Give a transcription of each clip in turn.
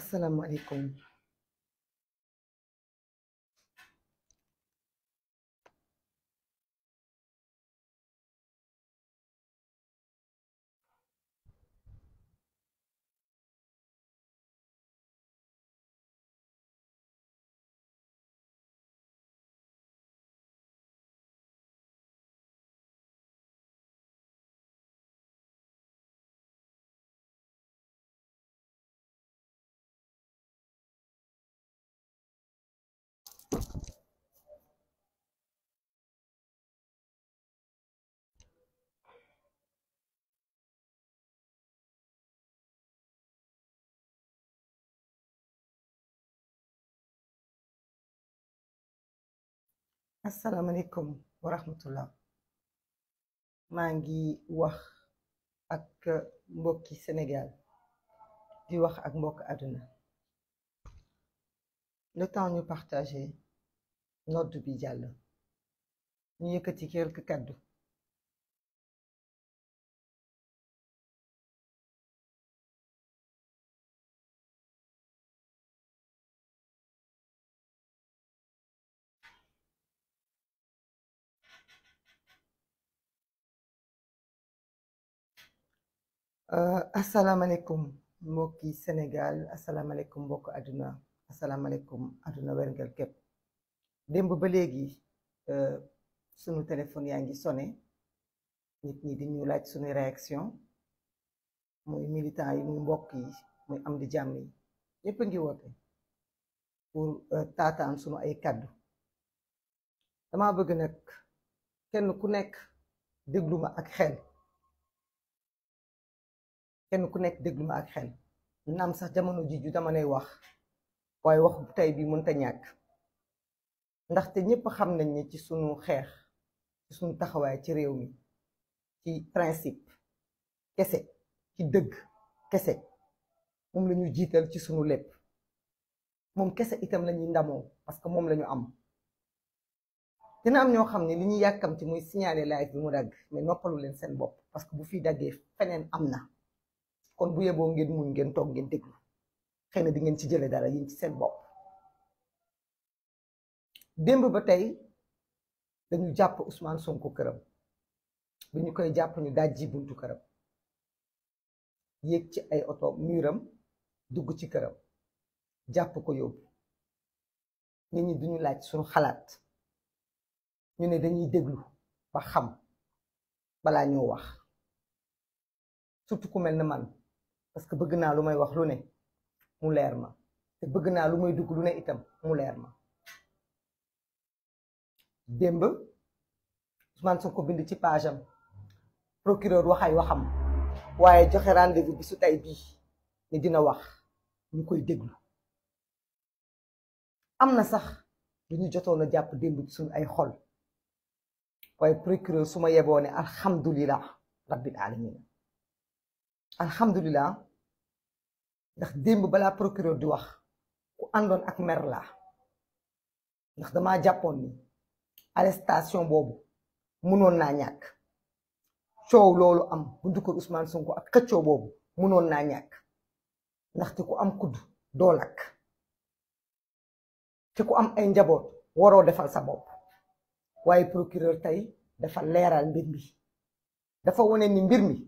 আসসালামু আলাইকুম asalaamaaleykum wa maa ngi wax ak mbokki Sénégal di wax ak mbokk àdduna le temps ñu partagé nodd bi jàll ñu yëkkati quelques kàddu Euh, asalaamaaleykum mbokki Sénégal asalaamaaleykum mbokk àdduna asalaamaaleykum àdduna wérngal képp démb ba léegi euh, sunu téléphone yaa ngi sonné nit ñi di ñu laaj sunu réaction muy militant yi muy mbokk yi muy am di jàmm yi ñëpp a ngi woote pour euh, taataan sunu ay kàddu dama bëgg nag kenn ku nekk dégluma ak xel. kenn ku nekk dégluma ak xel naam sax jamono jiju dama nay wax waaye waxu tey bi mënta ñàkk ndaxte ñépp xam nañ ne ci suñu xeex ci sunu taxawaay ci réew mi ci principe kese ci dëgg kese moom la jiital ci sunu lépp moom kese itam la ñuy ndamoo parce que moom la ñu am dina am ñoo xam ne li ñuy yàkkamti muy signaler live bi mu dagg mais noppalu leen seen bopp parce que bu fii daggee feneen am na kon bu yeboo ngeen muñ ngeen toog ngeen déglu xëy na di ngeen ci jële dara yéen ci seen bopp démb ba tey dañu jàpp Ousmane Sonko këram bu ñu koy jàpp ñu dajji buntu këram yéeg ci ay oto muram dugg ci këram jàpp ko yóbbu nit ñi duñu laaj suñu xalaat ñu ne dañuy déglu ba xam balaa ñu wax surtout ku mel na man parce que bëgg naa lu may wax lu ne mu leer ma te bëgg naa lu may dugg lu ne itam mu leer ma démb Ousmane Sonko bind ci page am procureur wax waxam waaye joxe rendez-vous bi su bii ni dina wax ñu koy déglu am na sax lu ñu jotoon a jàpp démb ay xol waaye procureur su ma yeboo ne alhamdulilah alamin alhamdulilah ndax démb bala procureur di wax ku àndoon ak merla ndax damaa jàppoon ni arrestation boobu mënoon naa ñàkk coow loolu am buntu kër Ousmane ak xëccoo boobu mënoon naa ñàkk ndaxte ku am kudd doo lakk te ku am ay njaboot waroo defal sa bopp waaye procureur tey dafa leeraal mbir mi dafa wone ni mbir mi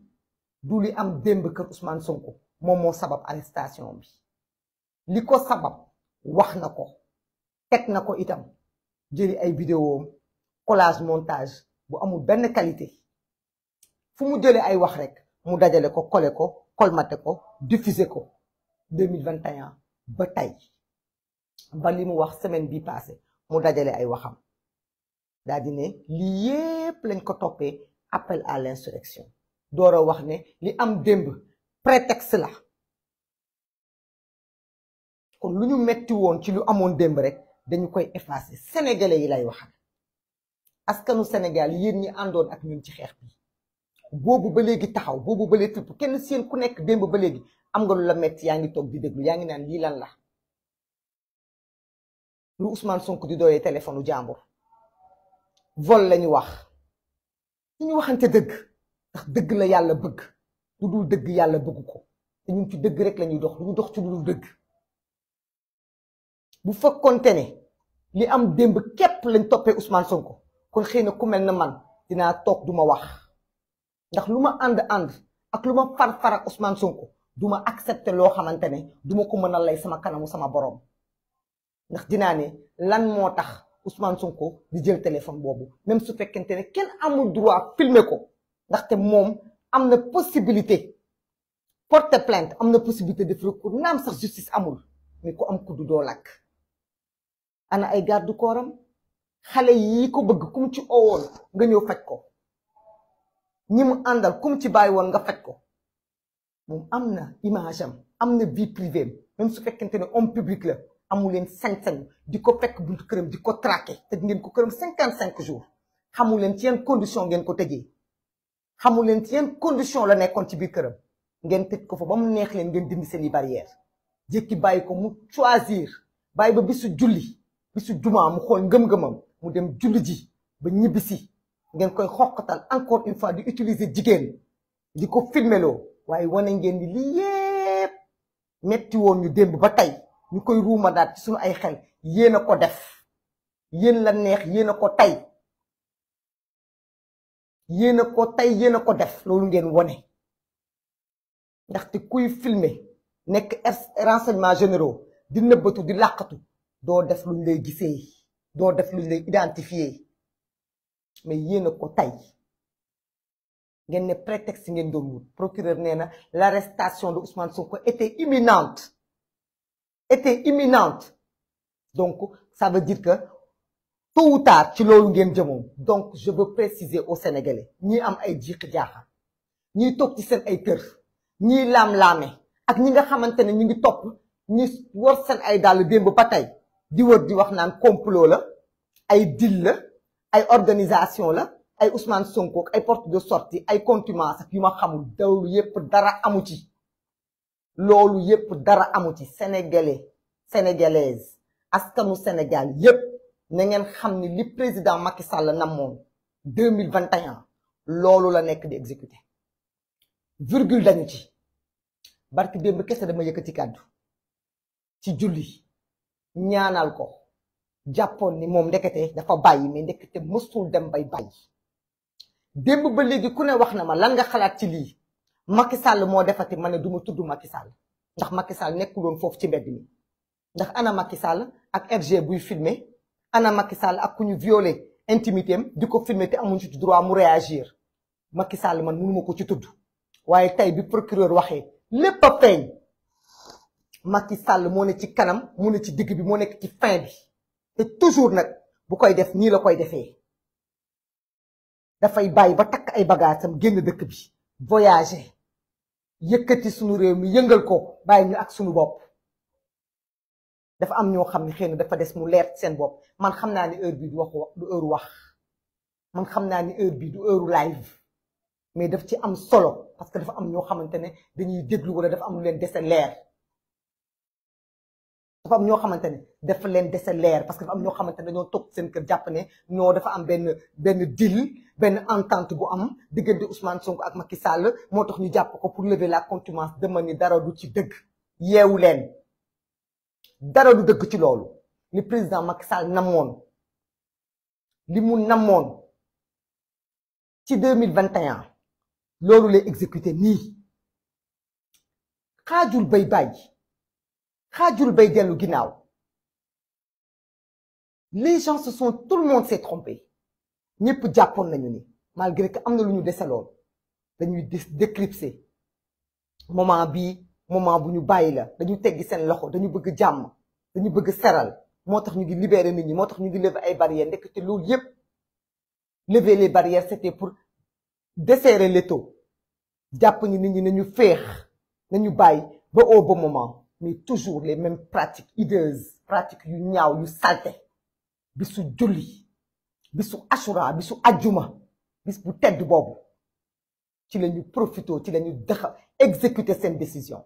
du li am demb kër Ousmane Sonko moom moo sabab arrestation bi li ko sabab wax na ko teg na ko itam jëli ay vidéo collage montage bu amul benn qualité fu mu jëlee ay wax rek mu dajale ko collé ko colmaté ko diffusé ko 2021 ba tey ba li mu wax semaine bi passé mu dajale ay waxam daal di ne lii yépp lañ ko toppee appel à l'insurrection door a wax ne li am démb prétexte la kon lu ñu metti woon ci lu amoon démb rek dañu koy effacer sénégalais yi lay waxal askanu Sénégal yéen ñi àndoon ak ñun ci xeex bi boobu ba léegi taxaw boobu ba léegi tëpp kenn seen ku nekk démb ba léegi am nga lu la metti yaa ngi toog di déglu yaa ngi naan lii lan la lu Ousmane Sonko di dooyee téléphone u jàmbur vol lañu wax ñu waxante dëgg ndax dëgg la yàlla bëgg lu dul dëgg yàlla bëgg ko te ñun ci dëgg rek lañuy dox duñu dox ci lu dul dëgg bu fekkoonte ne li am démb képp lañ toppee Ousmane Sonko kon xëy na ku mel na man dinaa toog duma wax ndax lu ma ànd ànd ak lu ma far far ak Ousmane Sonko duma accepté loo xamante ne duma ko mën a lay sama kanamu sama boroom ndax dinaa ne lan moo tax Ousmane Sonko di jël téléphone boobu même su fekkente ne kenn amul droit filmer ko ndaxte moom am na possibilité porter plainte am na possibilité def recours naam sax justice amul mais ko am kuddu doo lakk ana ay garde kooram xale yi ko bëgg kum ci owoon nga ñëw faj ko ñi mu àndal kum ci bàyyi woon nga faj ko moom am na image am am na vie privée am même su fekkente ne homme public la amu leen sañ-sañ di ko fekk buntu këram di ko traqué tëj ngeen ko këram cinquante cinq jours xamu leen ci yan condition ngeen ko tëjee xamu leen ci yenn condition la nekkoon ci biir këram ngeen tëj ko fa ba mu neex leen ngeen dindi seen i jékki bàyyi ko mu choisir bàyyi ba bisu julli bisu jumaa mu xool ngëm-ngëmam mu dem julli ji ba ñibbisi ngeen koy xoqatal encore une fois di utiliser jigéen di ko filmeloo waaye wane ngeen ni lii yépp metti woon ñu démb ba tey ñu koy ruuma daat ci ay xel yéen a ko def yéen la neex yéen a ko tey yéen a ko tey yéen a ko def loolu ngeen wone ndaxte kuy filme nekk renseignement généraux di nëbbatu di làqatu doo def lu lay gisee doo def luñ lay identifier mais yéen a ko tey ngeen ne prétexte ngeen doon wut procureur nee na l'arrestation de Ousmane Sonko était imminente était imminente donc ça veut dire que tôt ou ci loolu ngeen jëmoom donc je veux préciser au Sénégalais ñi am ay jiixi jaaxa ñiy toog ci seen ay kër ñi laam-laame ak ñi nga xamante ne ñu ngi topp ñi war seen ay dàll démb ba tey di wër di wax naan complot la ay deal la ay organisation la ay Ousmane Sonko ay porte de sorti ay contumace ak yu ma xamul loolu yépp dara amu ci loolu yépp dara amu ci sénégalais sénégalaise askanu Sénégal yépp na ngeen xam ni li président Macky Sall namoon deux mille vingt loolu la nekk di exécuté virgule dañu ci barki démb kese dama yëkkati kàddu ci julli ñaanal ko jàppoon ni moom ndekete dafa bàyyi mais ndekete mësul dem bay bàyyi démb ba léegi ku ne wax na ma lan nga xalaat ci lii Macky Sall moo defati ma ne du ma tudd Macky Sall ndax Macky Sall nekkuloon foofu ci mbedd mi ndax ana Macky Sall ak rg buy filmer ana Macky Sall ak ku ñu violé intimité di ko filmer te amuñ ci droit mu réagir Macky Sall man mënuma ko ci tudd waaye tey bi procureur waxee lépp a feeñ Macky moo ne ci kanam mu ne ci digg bi moo nekk ci fin bi te toujours nag bu koy def nii la koy defee dafay bàyyi ba takk ay bagaasam génn dëkk bi voyager yëkkati sunu réew mi yëngal ko bàyyi ñu ak sunu bopp dafa am ñoo xam ne xëy na dafa des mu leer seen bopp man xam naa ni heure bi du wax du heure wax man xam naa ni heure bii du heure live mais daf ci am solo parce que dafa am ñoo xamante ne dañuy déglu wala dafa am lu leen dese leer dafa am ñoo xamante ne dafa leen dese leer parce que dafa am ñoo xamante ne dañoo toog seen kër jàpp ne ñoo dafa am benn benn deal benn entente bu am diggante Ousmane Sonko ak Macky Sall moo tax ñu jàpp ko pour lever la contumace dama ni dara du ci dëgg yeewu leen. dara du dëgg ci loolu li président Macky Sall namoon li mu namoon ci deux mille vingt loolu le exécuté nii xaajul bay bàyyi xaajul bay dellu ginnaaw les gens se sont tout le monde s'est trompé ñëpp jàppoon nañu ni malgré que am na lu ñu dese lool dañuy déclipser moment bii. moment bu ñu bàyyi la dañu teggi seen loxo dañu bëgg jàmm dañu bëgg seral moo tax ñu ngi libérer nit ñi moo tax ñu ngi lever ay barrières ndekk te loolu yépp lever les barrières c'était pour desserrer l'étau jàpp ñi nit ñi na nañu féex nañu bàyyi ba au moment mais toujours les mêmes pratiques hideuses pratiques yu ñaaw yu salte bisu julli bisu assura bisu ajjuma bis bu tedd boobu ci la ñu profité ci la ñu daxa exécuter seen décision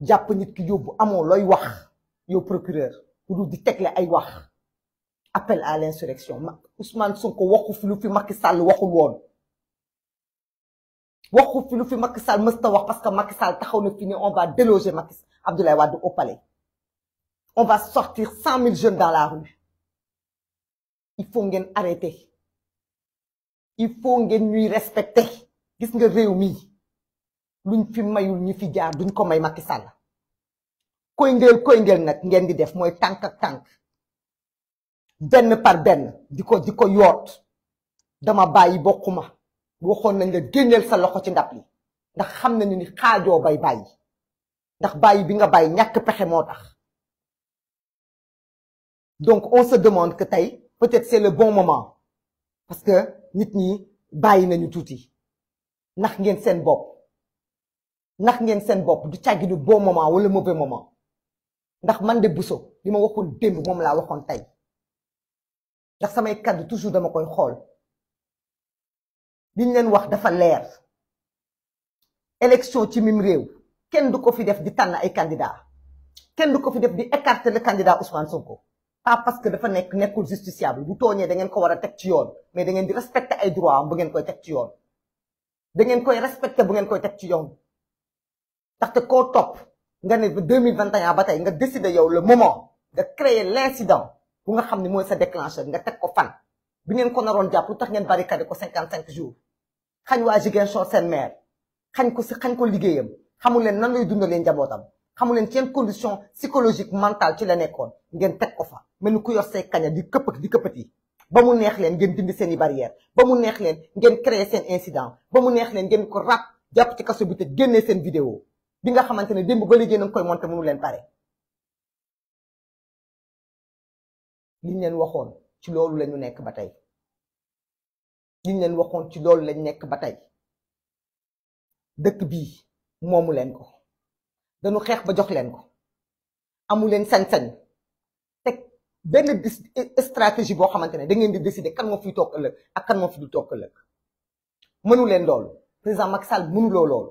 jàpp nit ki yóbbu amoo looy wax yow procureur lu dul di tegle ay wax appel à l'insurrection ma Ousmane Sonko waxu fi lu fi Macky Sall waxul woon waxu fi lu fi Macky Sall mësta wax parce que Macky Sall taxaw na fi ne on va déloger Macky Abdoulaye Wade au palais on va sortir cent mille jeunes dans la rue il faut ngeen arrêter il faut ngeen ñuy respecter gis nga réew mi luñ fi mayul ñi fi jaar duñ ko may Macky Sall koy ndeel koy nag ngeen di def mooy tànk ak tànk benn par benn di ko di ko yoot dama bàyyi bokkuma waxoon nañ la génneel sa loxo ci ndab li ndax xam na ni xaajoo bay bàyyi ndax bàyyi bi nga bàyyi ñàkk pexe moo tax donc on se demande que tey peut-être c'est le bon moment parce que nit ñi bàyyi nañu tuuti ndax ngeen seen bopp ndax ngeen seen bopp du càggi du bon moment wala mauvais moment ndax man de Bousso li ma waxoon démb moom laa waxoon tey ndax samay kàddu toujours dama koy xool liñ leen wax dafa leer élection ci mim réew kenn du ko fi def di tànn ay candidat kenn du ko fi def di écarter le candidat Ousmane Sonko pas parce que dafa nekk nekkul justiciable bu tooñee da ngeen ko war a teg ci yoon mais da ngeen di respecter ay droit am bu ngeen koy teg ci yoon da ngeen koy respecter bu ngeen koy teg ci yoon ndaxte ko topp nga ne ba 2021 ba tey nga décider yow le moment de créer l'incident bu nga xam ne mooy sa déclencheur nga teg ko fan bi ngeen ko naroon jàpp lu tax ngeen barricade ko 55 jours xañ waa Ziguinchor seen maire xañ ko si xañ ko liggéeyam xamul leen nan lay dundalee njabootam xamul leen ci yenn condition psychologique mentale ci la nekkoon ngeen teg ko fa mel ni ku yor say kaña di këpp di këppati ba mu neex leen ngeen dindi seen i barrière ba mu neex ngeen créer seen ba mu neex leen ngeen ko ràpp jàpp ci kaso génnee seen vidéo bi nga xamante ne démb ba léegi na nga koy monté mënu leen pare liñ leen waxoon ci loolu lañu nekk ba tey liñ leen waxoon ci loolu lañ nekk ba tey dëkk bii moomu leen ko dañu xeex ba jox leen ko amu leen sañ-sañ teg benn stratégie boo xamante ne da ngeen di décider kan moo fi toog ëllëg ak kan moo fi du toog ëllëg mënu leen loolu président Macky Sall mënuloo loolu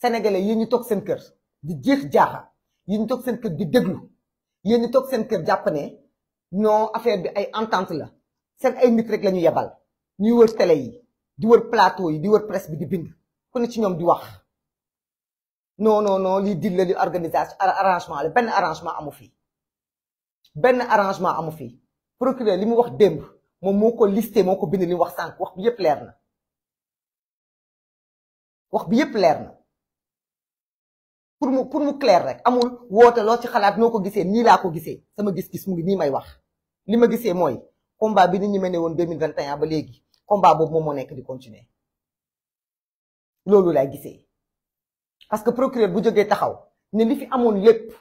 sénégalais yéen ñu toog seen kër di jeex jaaxa yéen ñu toog seen kër di déglu yéen ñu toog seen kër jàpp ne non affaire bi ay entente la seen ay nit rek la ñu yebal ñuy wër télé yi di wër plateau yi di wër presse bi di bind ku ne ci ñoom di wax noo noo noo lii dil la li organisation arrangement la benn arrangement amu fii benn arrangement amu fi procureur li mu wax démb moom moo ko listé moo ko bind li wax sànq wax bi yépp leer na wax bi yëpp leer na pour mu pour mu rek amul woote loo ci xalaat noo ko gisee nii laa ko gisee sama gis-gis mu ngi nii may wax li ma gisee mooy combat bi nit ñi mené woon 2021 ba léegi combat boobu moom moo nekk di continuer loolu laay gisee parce que procureur bu jógee taxaw ne li fi amoon lépp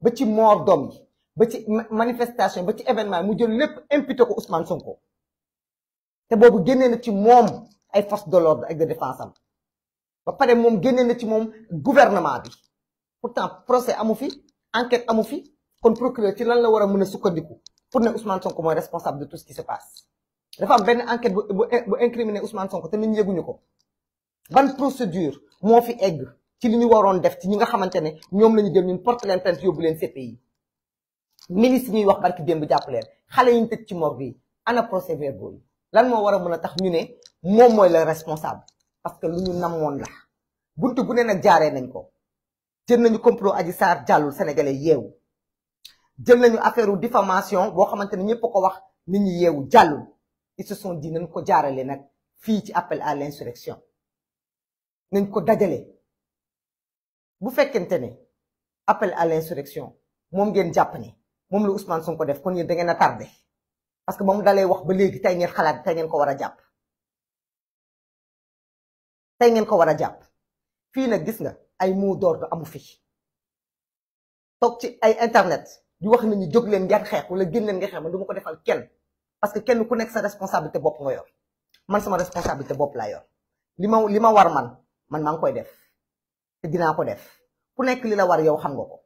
ba ci moor doom yi ba ci manifestation ba ci événement yi mu jël lépp imputé ko Ousmane Sonko te boobu génnee na ci moom ay force de l'ordre ak de défense am ba pare moom génnee na ci moom gouvernement bi pourtant procès amu fi enquête amu fi kon procureur ci lan la war a mën a sukkandiku pour ne Ousmane Sonko mooy responsable de tout ce qui se passe dafa am benn enquête bu bu incriminé Ousmane Sonko te nit ñi yëguñu ko ban procédure moo fi egg ci li ñu waroon def ci ñi nga xamante ne ñoom lañu ñu jël ñun porte leen plainte yóbbu leen CPI milice ñuy wax barki démb jàpp leen xale yi ñu tëj ci morgue bi ana procès verbal yi lan moo war a mën a tax ñu ne moom mooy le responsable parce que lu ñu namoon la buntu nag jaaree nañ ko. jël nañu complot Adji saar jàllul sénégalais yeewu jël nañu affaire diffamation boo xamante ne ñëpp ko wax nit ñi yeewu jàllul ils se sont dit nañ ko jaarale nag fii ci appel à l'insurrection nañ ko dajale bu fekkente ne appel à l'insurrection moom ngeen jàpp ne moom la Ousmane ko def kon yéen da ngeen a tardé parce que ba mu dalee wax ba léegi tey ngeen xalaat tey ngeen ko war a jàpp tey ngeen ko war a jàpp fii nag gis nga ay mot d'ordre amu fi toog ci ay internet di wax nañu jóg leen ngeen xeex wala génn leen nga xeex man du ma ko defal kenn parce que kenn ku nekk sa responsabilité bopp nga yor man sama responsabilité bopp laa yor li ma li ma war man man maa ngi koy def te dinaa ko def ku nekk li la war yow xam nga ko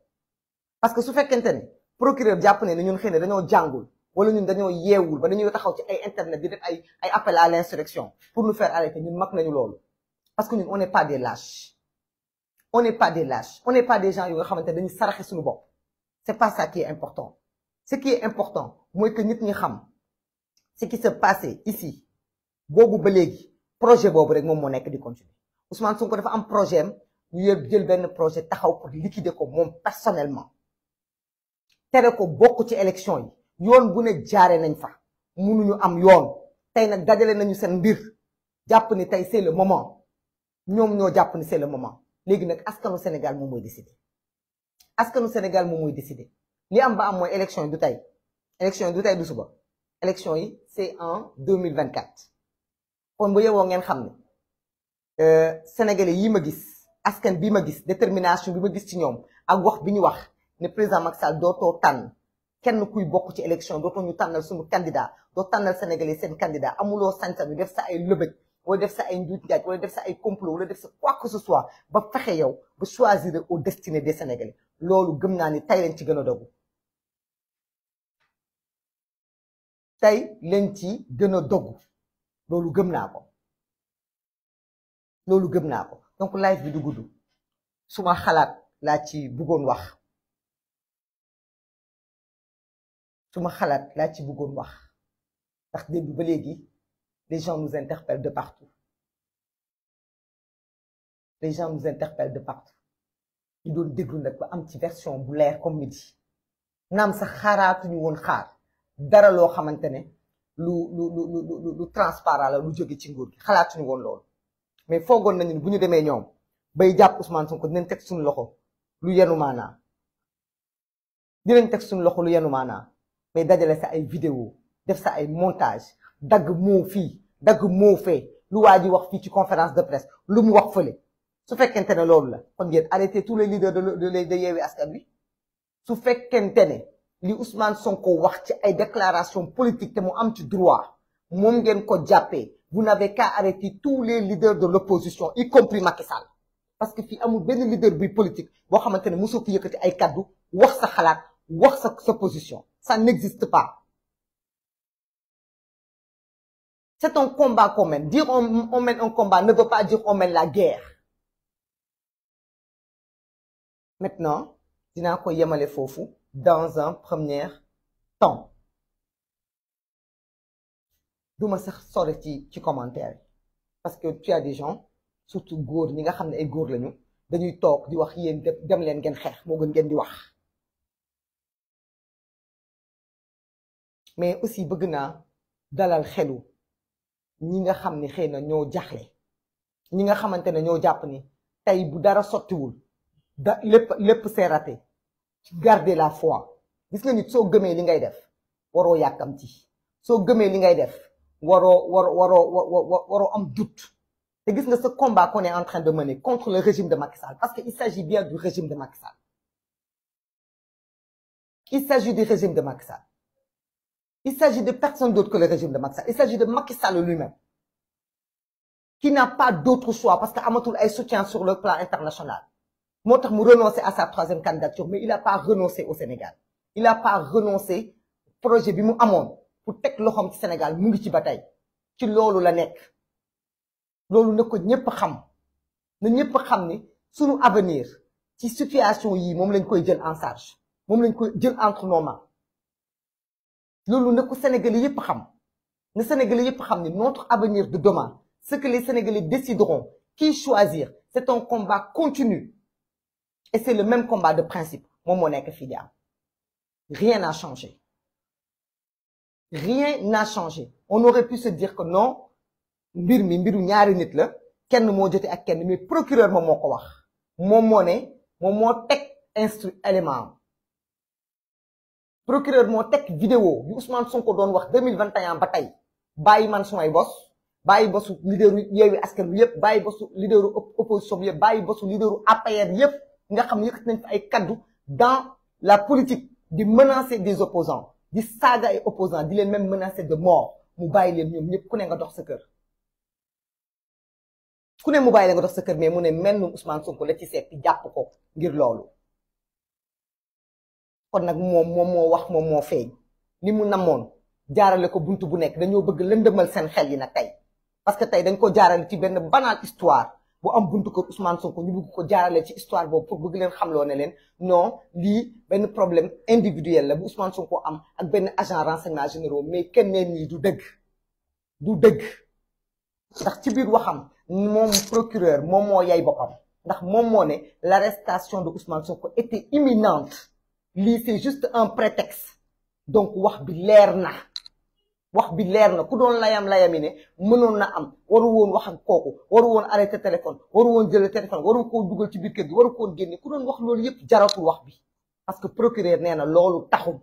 parce que su fekkente ni procureur jàpp ne ñun xëy na dañoo jàngul wala ñun dañoo yeewul ba dañuy taxaw ci ay internet di def ay ay appel à l'insurrection pour nous faire arrêter ñun mag nañu loolu parce que ñun on n'est pas des lâches on n'est pas des lâches on n'est pas des gens yoo xamante ne dañu saraxe suñu bopp c'est pas ça qui est important ce qui est important mooy que nit ñi xam ce qui se passé ici boobu ba léegi projet boobu rek moom moo nekk di continuer Ousmane ko dafa am projet am ñu jël benn projet taxaw pour liquider ko moom personnellement tere ko bokk ci élection yi yoon bu ne jaare nañ fa ñu am yoon tey nag dajale nañu seen mbir jàpp ni tey c'est moment ñoom ñoo jàpp ni c'est le moment léegi nag askanu Sénégal moom mooy décidé askanu Sénégal moom mooy décidé li am ba am mooy élection yi du tey élection yi du tey du suba élection yi c'est en deux mille vingt quatre kon bu yowoo ngeen xam ne euh, sénégalais yi ma gis askan bi ma gis détermination bi ma gis ci ñoom ak wax bi ñu wax ne président Macky Sall dootoo tànn kenn kuy bokk ci élection dootoo ñu tànnal suñu candidat doo tànnal sénégalais seen candidat amuloo sañ-sañu def sa ay lëbëj wala def sa ay njuuj njaaj wala def sa ay complot wala def sa quoi que ce soit ba fexe yow ba choisir au destiné de Sénégalais loolu gëm naa ni tey ci gën a dogu tey lañ ci gën a dogu loolu gëm naa ko loolu gëm naa ko donc live bi du gudd suma xalaat laa ci bëggoon wax suma xalaat laa ci buggoon wax ndax démb ba léegi Les gens nous interpellent de partout. Les gens nous interpellent de partout. ñu doon déglu nag ba am ci version bu leer comme midi naam sax xaaraatuñu woon xaar dara loo xamante ne lu lu lu lu transparent la lu jóge ci nguur gi xalaatuñu woon lool mais foogoon nañu ne bu ñu demee ñoom bay jàpp Ousmane Sonko dinañ teg suñu loxo lu yenu maanaa dinañ teg suñu loxo lu yenu maanaa mais dajale sa ay vidéo def sa ay montage dagg moo fii dagg moo fee lu waa ji wax fii ci conférence de presse lu mu wax fële su fekkente ne loolu la kon ngeen arrêté tous les leaders de de Yewwi Askan Wi su fekkente ne li Ousmane Sonko wax ci ay déclaration politique te mu am ci droit moom ngeen ko jàppee vous n'avez qu'à arrêter tous les leaders de l'opposition y compris Macky Sall parce que fii amul benn leader bi politique boo xamante ne mosoo fi yëkkati ay kaddu wax sa xalaat wax sa sa position ça n'existe C'est un combat qu'on mène. Dire on, on mène un combat ne veut pas dire on mène la guerre. Maintenant, dinaa ko yemale foofu dans un premier temps. duma sax sore ci ci commentaire parce que tu des gens surtout góor ñi nga xam ne ay góor lañu dañuy toog di wax yéen dem leen ngeen xeex moo gën ngeen di wax. mais aussi bëgg naa dalal xelu. ñi nga xam ni xëy na ñoo jaaxle ñi nga xamante ne ñoo jàpp ni tey bu dara sottiwul da lépp lépp c'est raté la fois gis nga nit soo gëmee li ngay def waroo yàkkamti soo gëmee li ngay def waroo waroo waroo waroo am doute te gis nga ce combat qu'on est en train de mener contre le régime de Macky parce que il s'agit bien du régime de Macky Sall il s'agit de Macky Il s'agit de personne d'autre que le régime de Macky Sall. Il s'agit de Macky Sall lui-même. Qui n'a pas d'autre choix parce qu'Amatoul est soutien sur le plan international. Montre m'a renoncé à sa troisième candidature, mais il n'a pas renoncé au Sénégal. Il n'a pas renoncé au projet Bimou Amon pour tek l'homme du Sénégal, Mungichi Bataille. Tu l'olo la nek. L'olo ne ko nyep ham. Ne nyep ham ni, sous avenir, si situation yi, mom l'en koy en charge. Mom l'en koy entre nos loolu na ko Sénégalais yëpp xam na Sénégalais yëpp xam ne notre avenir de demain ce que les Sénégalais décideront qui choisir c'est un combat continu et c'est le même combat de principe moom moo nekk fii di am rien n'a changé rien n'a changé on aurait pu se dire que non mbir mi mbiru ñaari nit la kenn moo jotee ak kenn mais procureur moom moo ko wax moom moo ne moom moo teg instru élément procureur moo tek vidéo yu Ousmane ko doon wax 2021 ba tey bàyyi man sumay bos bàyyi bosu leaderu Yewwi Askan Wi yëpp bàyyi bosu leaderu opposition bi bàyyi bosu leaderu APR yëpp nga xam ni yëkkati nañ fi ay kaddu dans la politique di menacer des opposants di saaga ay opposants di leen même menacer de mort mu bàyyi leen ñoom ñëpp ku ne nga dox sa kër ku ne mu bàyyi la nga dox sa kër mais mu ne mel nu Ousmane Sonko la ci seet ci jàpp ko ngir loolu kon nag moom moom moo wax moom moo feeñ li mu namoon jaarale ko bunt bu nekk dañoo bëgg lëndëmal seen xel yi nag tey parce que tey dañ ko jaarale ci benn banal histoire bu am buntu kër Ousmane Sonko ñu bëgg ko jaarale ci histoire boobu pour bëgg leen xamloo ne leen non lii benn problème individuel la bu Ousmane Sonko am ak benn agent renseignement généraux mais keneen ñi du dëgg du dëgg ndax ci biir waxam moom procureur moom moo yay boppam ndax moom moo ne l'arrestation de Ousmane Sonko était imminente lii c'est juste un prétexte donc wax bi leer na wax bi leer na ku doon layam layami ne mënoon na am waru woon wax ak kooku waru woon arrêté téléphone waru woon jël téléphone waru koo dugal ci biir kër gi waru koon génne ku doon wax loolu yëpp jaratul wax bi parce que procureur nee na loolu taxum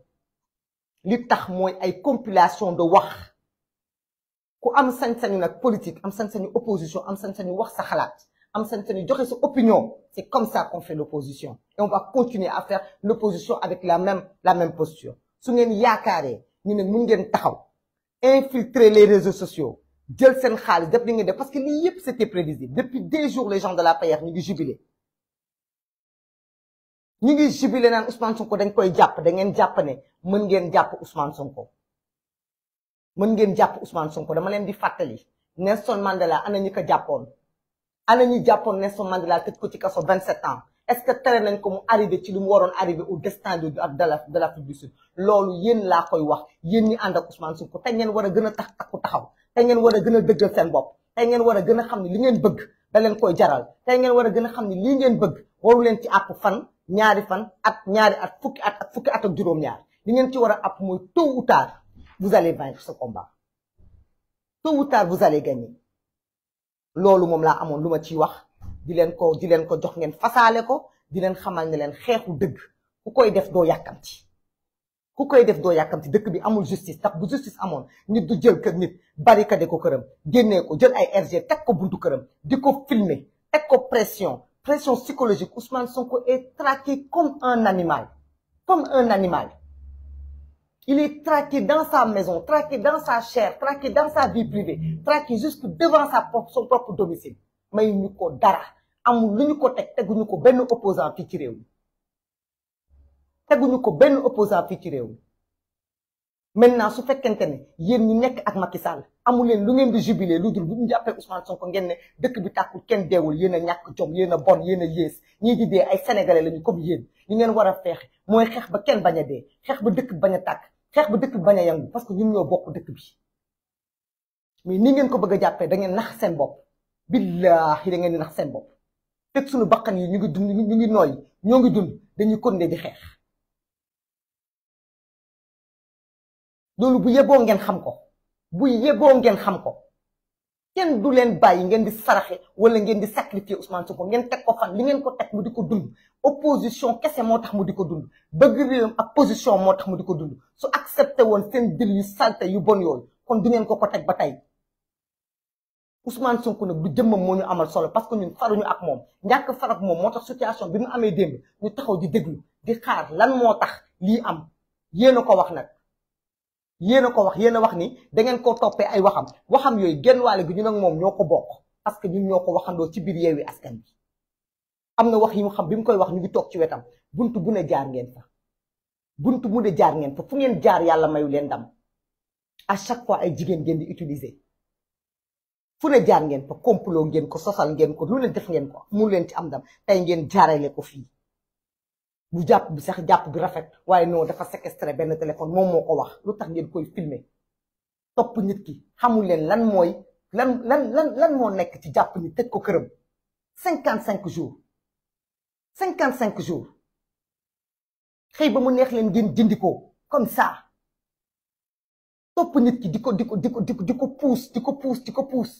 li tax mooy ay compilation de wax ku am sañ-sañu nag politique am sañ-sañu opposition am sañ-sañu wax sa xalaat am seen sañu joxe sa opinion c'est comme ça qu'on fait l'opposition et on va continuer à faire l'opposition avec la même la même posture su ngeen yaakaaree ñu ne mun ngeen taxaw infiltrer les réseaux sociaux jël seen xaalis def li ngeen def parce que lii yëpp c'était prévisible depuis des jours les gens de la paillère ñu ngi jubilé ñu ngi jubilé naan Ousmane Sonko dañ koy jàpp da ngeen jàpp ne mën ngeen jàpp Ousmane Sonko mën ngeen jàpp Ousmane Sonko dama leen di fàttali Nelson Mandela ana ñi ko jàppoon ana ñu jàppoon Nelson Mandela te ko ci kaso 27 ans est que tere nañ ko mu arrivé ci li mu waroon arrivé au destin de de l'Afrique du Sud loolu yéen laa koy wax yéen ñi ànd ak Ousmane ko te ngeen war a gën a tax ku taxaw te ngeen war a gën a dëggal seen bopp te ngeen war a gën a xam ne li ngeen bëgg da leen koy jaral te ngeen war a gën a xam ne lii ngeen bëgg waru leen ci àpp fan ñaari fan at ñaari at fukki at ak fukki at ak juróom-ñaar li ngeen ci war a àpp mooy tôt ou tard vous allez vaincre ce combat tôt ou tard vous allez gagner loolu moom laa amoon lu ma ciy wax di leen ko di leen ko jox ngeen fasaale ko di leen xamal ne leen xeexu dëgg ku koy def doo yàkkamti ku koy def doo yàkkamti dëkk bi amul justice tax bu justice amoon nit du jël kër nit barricade ko këram génnee ko jël ay RG teg ko buntu këram di ko filmer ek ko pression pression psychologique Ousmane Sonko ko traqué comme un animal comme un animal Il est traqué dans sa maison, traqué dans sa chair, traqué dans sa vie privée, traqué jusque devant sa propre, son propre domicile. mais ñu ko dara amul lu ñu ko teg teguñu ko benn opposant fii ci réew mi ko benn opposant fii ci réew mi su fekkente ne yéen ñu nekk ak Macky Sall amul leen lu ngeen di jubiler lu dul bu ñu jàppee Sonko ngeen ne dëkk bi tàkkul kenn deewul yéen a ñàkk jom yéen a bon yéen a yées ñi di dee ay sénégalais lañu comme yéen ñu ngeen war a feexe mooy xeex ba kenn bañ a dee xeex ba dëkk bañ a tàkk xeex bu dëkk bi bañ a yëngu parce que ñun ñoo bokk dëkk bi mais ni ngeen ko bëgg a jàppee da ngeen nax seen bopp billaahi da ngeen nax seen bopp teg suñu bakkan yi ñu ngi dund ñu ngi nooy ñoo ngi dund dañu continuer di xeex loolu bu yeboo ngeen xam ko bu yeboo ngeen xam ko kenn du leen bàyyi ngeen di saraxe wala ngeen di sacrifier Ousmane Sonko ngeen teg ko fan li ngeen ko teg mu di ko dund opposition kese moo tax mu di ko dund bëgg réewam ak position moo tax mu di ko dund su accepté woon seen dil yu salte yu bon yooyu kon du ngeen ko ko teg ba tey Ousmane Sonko nag du jëmmam moo ñu amal solo parce que ñun faruñu ak moom ñàkk farak moom moo tax situation bi mu amee démb ñu taxaw di déglu di xaar lan moo tax lii am yéen a ko wax nag yéen a ko wax yéen a wax ni da ngeen koo toppee ay waxam waxam yooyu genn waale gi ñu ak moom ñoo ko bokk parce que ñun ñoo ko waxandoo ci biir yeewi askan bi am na wax yi mu xam bi mu koy wax ñu ngi toog ci wetam bunt bu ne jaar ngeen fa bunt bu ne jaar ngeen fa fu ngeen jaar yàlla mayu leen ndam à chaque fois ay jigéen ngeen di utiliser fu ne jaar ngeen fa complot ngeen ko sosal ngeen ko lu ne def ngeen ko mu leen ci am dam tey ngeen jaarale ko fii bu jàpp bi sax jàpp bi rafet waaye non dafa séquestré benn téléphone moom moo ko wax lu tax ngeen koy filmer topp nit ki xamul leen lan mooy lan lan lan lan moo nekk ci jàpp ni tëj ko këram cinquante cinq jours cinquante cinq jours xëy ba mu neex leen ngeen jëndi ko comme ça topp nit ki di ko di ko di ko di ko puus di ko puus di ko puus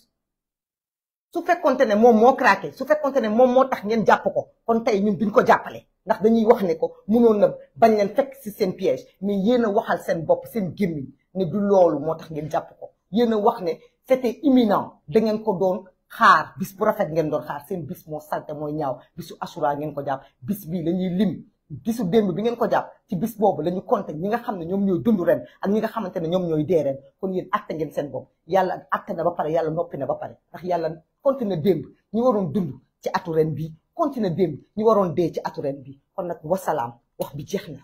su fekkonte ne moom moo craqué su fekkonte ne moom moo tax ngeen jàpp ko kon tey ñun duñ ko jàppale ndax dañuy wax ne ko mënoon na bañ leen fekk si seen piège mais yéen a waxal seen bopp seen gémmiñ ne du loolu moo tax ngeen jàpp ko yéen a wax ne c'était imminent da ngeen ko doon xaar bis bu rafet ngeen doon xaar seen bis moo salte mooy ñaaw bisu asura ngeen ko jàpp bis bii la ñuy lim bisu démb bi ngeen ko jàpp ci bis boobu la ñu compté ñi nga xam ne ñoom ñooy dund ren ak ñi nga xamante ne ñoom ñooy dee ren kon yéen atte ngeen seen bopp yàlla atte na ba pare yàlla noppi na ba pare ndax yàlla compté na démb ñi ci atu ren bii continuer démb ñu waroon dee ci atu ren bi kon nag wasalaam wax bi jeex na.